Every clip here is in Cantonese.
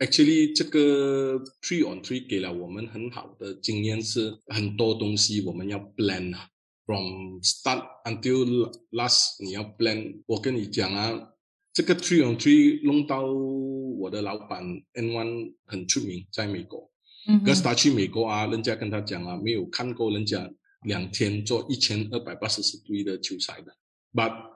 actually，這個 three on three 給了我們很好的經驗，是很多東西我們要 plan from start until last，你要 plan。我跟你講啊，這個 three on three 弄到我的老闆 And 1很出名，在美國。Mm -hmm. 可是他去美國啊，人家跟他講啊，沒有看過人家兩天做一千二百八十四堆的球賽的。But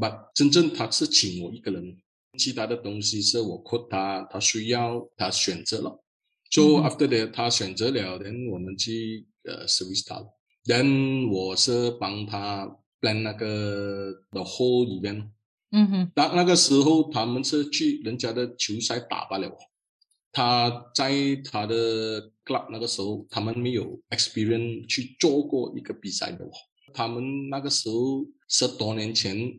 但真正他是請我一個人，其他的東西是我 call 他，他需要，他選擇了。就、so, mm -hmm. after that，他選擇了 then 我們去呃、uh, service 他。Then 我是幫他 plan 那個 the whole event。嗯哼。但那個時候，他們是去人家的球賽打敗了。他在他的 club，那個時候，他們沒有 experience 去做過一個比賽的喎。他們那個時候十多年前。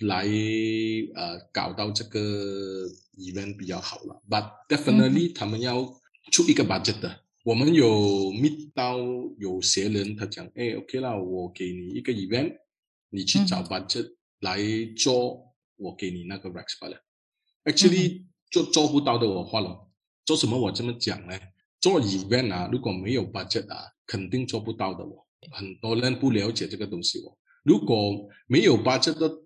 來，呃搞到這個 event 比較好了。But definitely，、嗯、他們要出一個 budget 的。我們有 meet 到有些人，他講，誒、哎、，OK 啦，我給你一個 event，你去找 budget 來做，嗯、我給你那個 rex 包啦。Actually，做、嗯、做不到的我話咯，做什麼我這麼講呢，做 event 啊，如果沒有 budget 啊，肯定做不到的我。我很多人不了解這個東西、哦，我如果沒有 budget 的。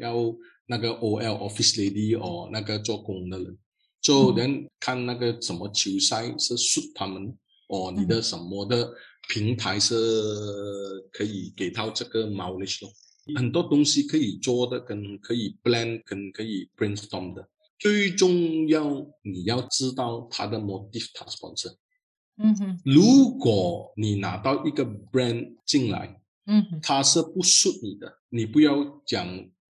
要那個 OL office lady 或那個做工的人，就、so, 能、嗯、看那個什麼球賽是 suit 他們，或你的什麼的平台是可以給到這個 mileage 很多東西可以做的，跟可以 blend 跟可以 brainstorm 的，最重要你要知道它的 motivation 是。嗯哼，如果你拿到一個 brand 進來，嗯哼，它是不 suit 你的，你不要講。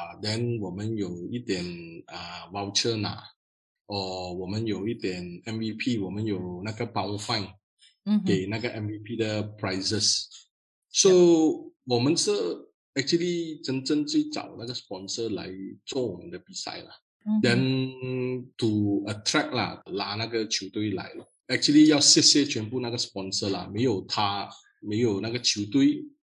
啊，then 我們有一點啊 voucher 啦，哦，我們有一點 MVP，我們有那個包飯，嗯，給那個 MVP 的 prizes。So 我們是 actually 真正去找那個 sponsor 來做我們的比賽啦。嗯，Then to attract 啦，拉那個球隊來了。Actually 要謝謝全部那個 sponsor 啦，沒有他，沒有那個球隊。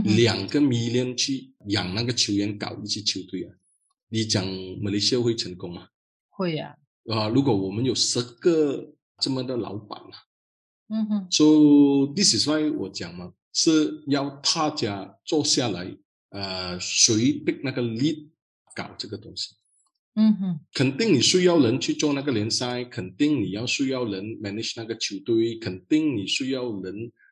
兩個 million 去養那個球員，搞一支球隊啊？你講馬來西亞會成功嗎？會啊！啊、呃，如果我們有十個這麼多老闆啊。嗯哼，So this is why 我講嘛，是要大家坐下來，誒、呃，誰俾那個 lead 搞這個東西？嗯哼，肯定你需要人去做那個聯賽，肯定你要需要人 manage 那個球隊，肯定你需要人。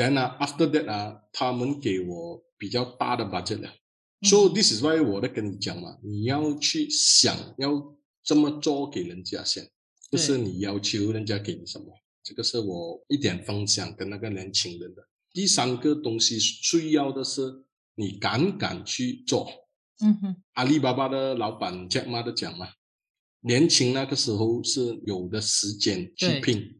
Then after that 啊，他們給我比較大的 budget 啦，so this is why 我都跟你講嘛，你要去想要這麼做，給人家先，不、就是你要求人家給你什麼，這個是我一點分享跟那個年輕人的。第三個東西需要的是你敢敢去做。嗯哼，阿里巴巴的老闆 Jack Ma 都講嘛，年輕那個時候是有的時間去拼。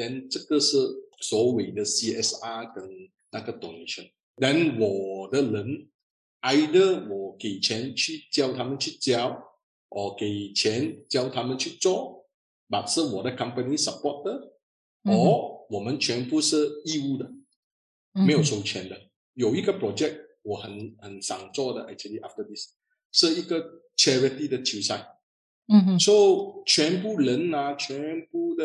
then 這個是所謂的 CSR 跟那個 donation。then 我的人，either 我給錢去教他們去教，我給錢教他們去做，But 是我的 company support。我，我們全部是義務的，沒有收錢的。有一個 project 我很很想做的，actually after this，是一個 charity 的球賽。嗯哼。So 全部人啊，全部的。